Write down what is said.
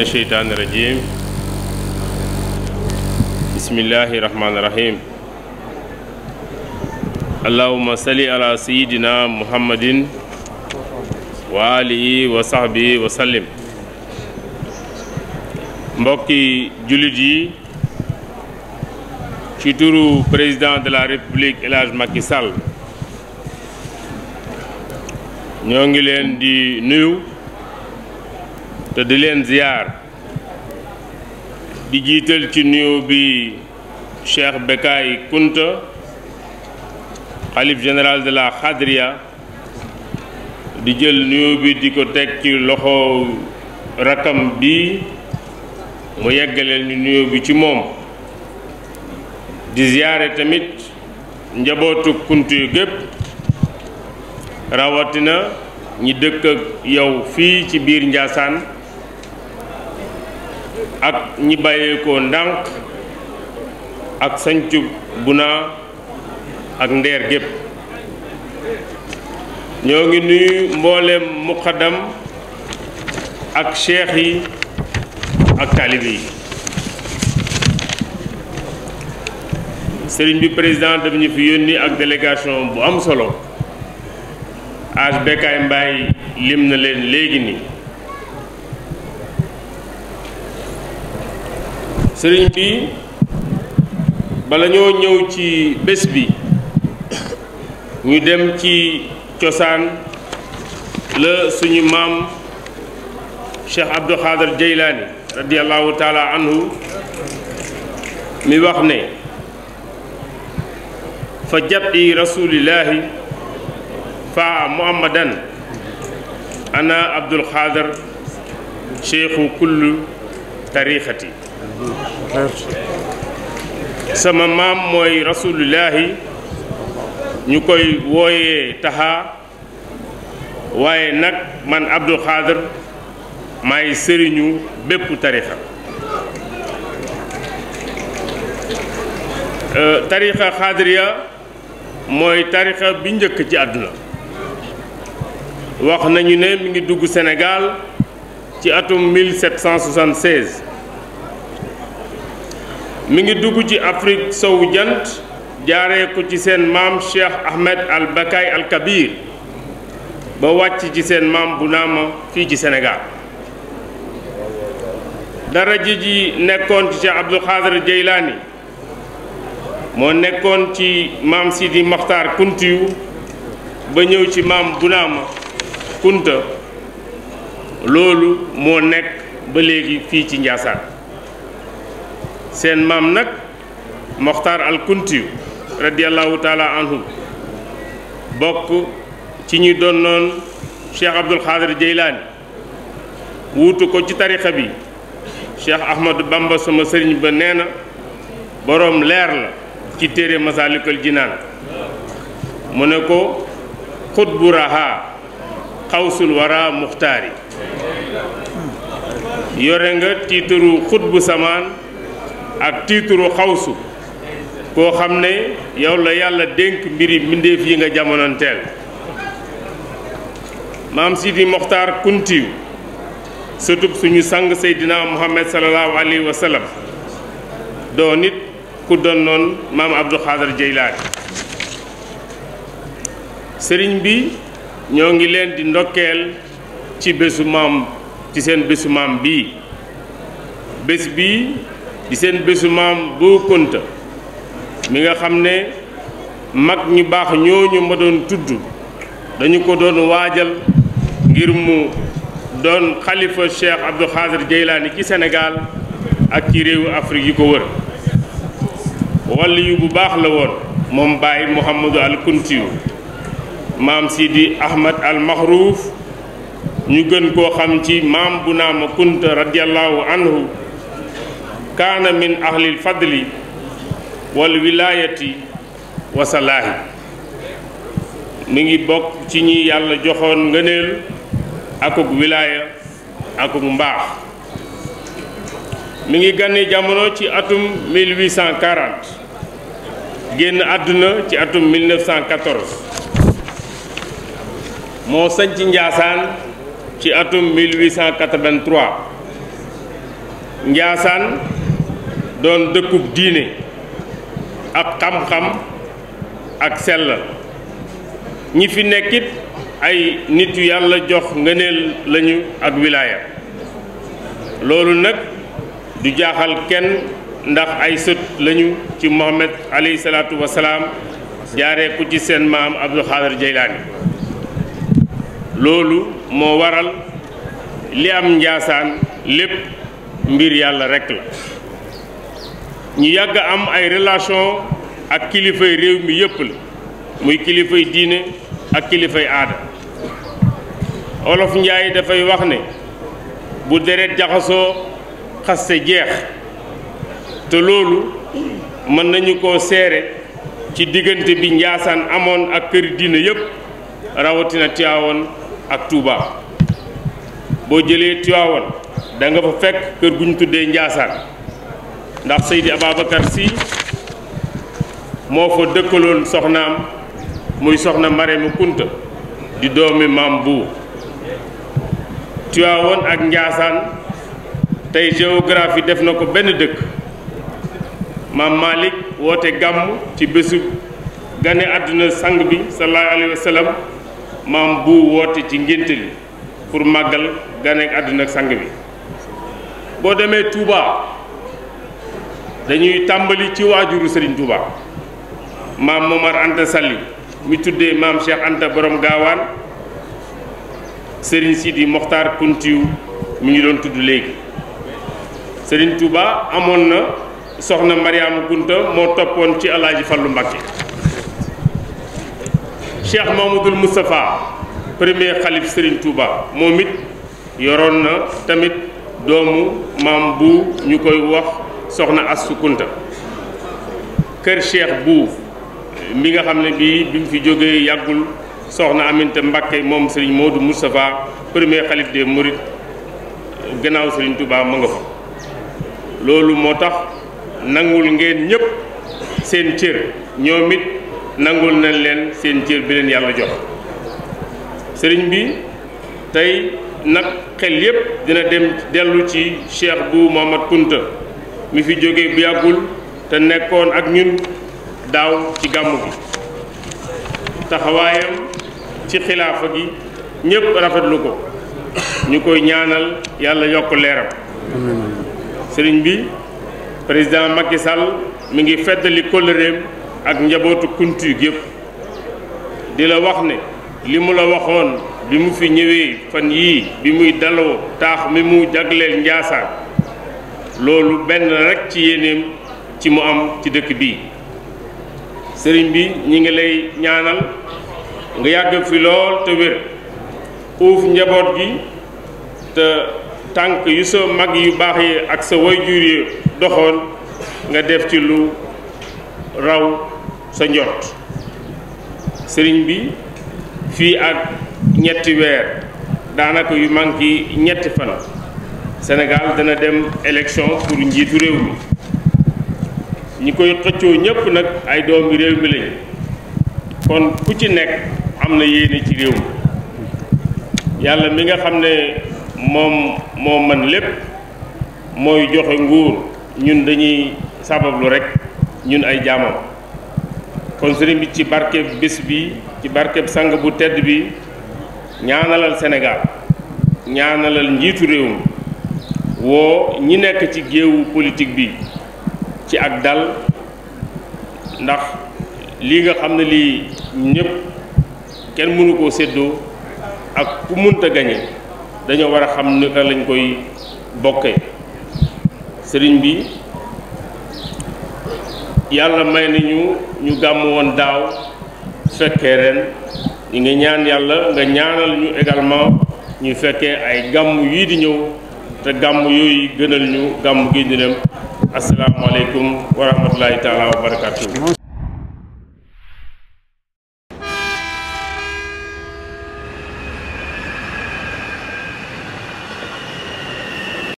min asheytaani rajim bismillahi ala sayidina muhammadin wa alihi wa sahbihi wa sallim mbokki jullit yi ci turu président de la république El Hadj ñoo ngi leen di nuyu te di leen ziyaar di jiital ci nuyu bi Cheikh Bekay Kunta xalif général de la Xadriya di jël nuyu bi di ko teg ci loxo rakam bi mu yeggaleel ñu bi ci moom di ziyaare tamit njabootu kunt yu gépp rawatina ñi dëkk ak yow fii ci biir Njaasaan ak ñi bàyyeekoo ndànk ak sañcu bunaa ak ndeer gépp ñoo ngi nuyu mboolem muqaddam ak cheikh yi ak taalibe yi sëriñ bi président daf ñu fi yónni ak délégation bu am solo ag Bécaye Mbaye lim na leen léegi nii sëriñ bi bala ñoo ñëw ci bés bi ñu dem ci cosaan la suñu maam Cheikh Abdou Khader Jeylaani radiyallahu taala anhu mi wax ne fa jabi rasulillahi fa muhammadan ana Abdul Khader cheikhu kullu tariqati sama maam mooy rasulullahi ñu koy wooyee taxaa waaye nag man Abdou Khadr maay sëriñu bépp tarixa euh, tarixa xaadiriya mooy tarixa bi njëkk ci àdduna wax nañu ne mu ngi dugg senegaal ci atum 1776 mi ngi dugg ci Afrique sowu jant jaaree ko ci seen maam Cheikh Ahmed al Bakay al Kabir ba wàcc ci seen maam bu naama fii ci senegaal dara ji ji nekkoon ci Cheikh Abdul Xaadir Jeylaani moo nekkoon ci maam Sidi Mokhtar Kuntiyu ba ñëw ci maam Bunaama Kunta loolu moo nekk ba léegi fii ci Njaasaan seen maam nag moxtaar al kuntiyu radiallahu taala anhu bokk ci ñu doon noon cheikh abdul xaadir jeylaani wuutu ko ci tarixa bi cheikh ahmadou bamba sama sëriñ ba nee na boroom leer la ci téere masalikal jinaan mu ne ko xutbu raha xawsul wara muxtaari yore nga tiitaru xutbu samaan ak tiituru xawsu koo xam ne yow la yàlla dénk mbiri mbindéef yi nga jamonoonteel maam Sidi Moxtaar Kuntiyu sëtub suñu sang Seydina Muhammad sallallahu alayhi wa sallam doo nit ku doon maam Abdou Xaadar Jeylaani sëriñ bi ñoo ngi leen di ndokkeel ci bésu maam ci seen bésu maam bii bés bii di seen bésu maam Bou Kounta mi nga xam ne mag ñi baax ñooñu ma doon tudd dañu ko doon waajal ngir mu doon xalifa Cheikh Abdou Khadir Jeylaani ci senegaal ak ci réewu Afrique yi ko wër wàllu yu bu baax la woon moom Baye Mouhamadou al Kountiyu maam Sidi Ahmad al Mahrouf ñu gën koo xam ci maam bu naama Kounta radiallahu anhu kaana min ahlil fadli wal wilaayati wa mi ngi bokk ci ñi yàlla joxoon ngëneel ak wilaaya akuk mbaax mi ngi gane jamono ci atum 1840 génn àdduna ci atum 1914 moo sañc Njaasaan ci atum 1883 Njaasaan doon dëkkub diine ak xam-xam ak sell ñi fi nekkit ay nit yu yàlla jox ngëneel lañu ak wilaaya loolu nag du jaaxal kenn ndax ay sët lañu ci Muhammad alayhi salaatu wa salaam jaaree ku ci seen maam Abdul Xaadir Jaylaani loolu moo waral li am njaasaan lépp mbir yàlla rekk la ñu yàgg am ay relation ak kilifay réew mi yëpp la muy kilifay diine ak kilifay aada olof njaay dafay wax ne bu deret jaxasoo xaste jeex te loolu mën nañu ko seere ci diggante bi njaasaan amoon ak kër diine yëpp rawatina Tiwaawan ak Touba boo jëlee Tiwaawan danga nga fa fekk kër gu ñu tuddee njaasaan ndax Seydi Ababacar Sy moo fa dëkkaloon soxnaam muy soxna Marème Kunta di doomi maam bu Tiwaawoon ak Njaasaan tey géographie def na ko benn dëkk maam Malick woote gàmm ci bésu gane àdduna sang bi sallallahu alayhi wa sallam maam bu woote ci ngénte li pour màggal gane àdduna sang bi boo demee Touba. dañuy tàmbali ci waajuru Serigne Touba maam Momar Anta Sali mi tuddee maam Cheikh Anta boroom gaawaan Serigne Sidi Mokhtar Kuntiw mi ngi doon tudd léegi Serigne Touba amoon na soxna Mariama Kunta moo toppoon ci Alaaji Fallu Mbakke Cheikh Mamadul Moustapha premier xalif Serigne Touba moom it yoroon na tamit doomu maam bu ñu koy wax soxna Astou Kounta kër Cheikh buu mi nga xam ne bii bi mu fi jógee yàggul soxna Aminta Mbakke moom Serigne Modou Moustapha premier xalif des Mourides gannaaw Serigne Touba ma nga fa loolu moo tax nangul ngeen ñépp seen cër ñoom it nangul nañ leen seen cër bi leen yàlla jox sëriñ bi tey nag xel yépp dina dem dellu ci Cheikh Bou Mohamad Kounta mi fi jóge bu yàggul te nekkoon ak ñun daaw ci gàmmu gi taxawaayam ci xilaafa gi ñëpp rafetlu ko ñu koy ñaanal yàlla yokk leeram sëriñ bi président Macky Sall mi ngi feddali kóllëreem ak njabootu kuntu yëpp di la wax ne li mu la waxoon bi mu fi ñëwee fan yii bi muy daloo taax mi mu jagleel njaasaan loolu benn rek ci yéeneem ci mu am ci dëkk bi sëriñ bi ñu ngi lay ñaanal nga yàgg fi lool te wér uuf njaboot gi te tànk yu sa mag yu baax yi ak sa wayjur yi doxoon nga def ci lu raw sa njot sëriñ bi fii ak ñetti weer daanaka yu manqué ñetti fan senegal dana dem élection pour njiitu réew mi ñi koy xëccoo ñépp nag ay doomi réew mi lañ kon ku ci nekk am na yéene ci réew mi yàlla mi nga xam ne moom moo man lépp mooy joxe nguur ñun dañuy sabablu rek ñun ay jaamam kon sëriñ bi ci barkeb bés bi ci barkeb sang bu tedd bi ñaanalal senegal ñaanalal njiitu réew mi woo ñi nekk ci géewu politique bi ci ak dal ndax lii nga xam ne lii ñépp kenn mënu koo séddoo ak ku munta gañe dañoo war a xam naka lañ koy bokkee sëriñ bi yàlla may nañu ñu gàmm woon daaw fekkee ren ñi ngi ñaan yàlla nga ñaanal ñu également ñu fekkee ay gàmm yi di ñëw te gàmm yooyu gënal ñu gàmm gi ñu dem asalaamaaleykum wa rahmatulahi taala wa barakaatu.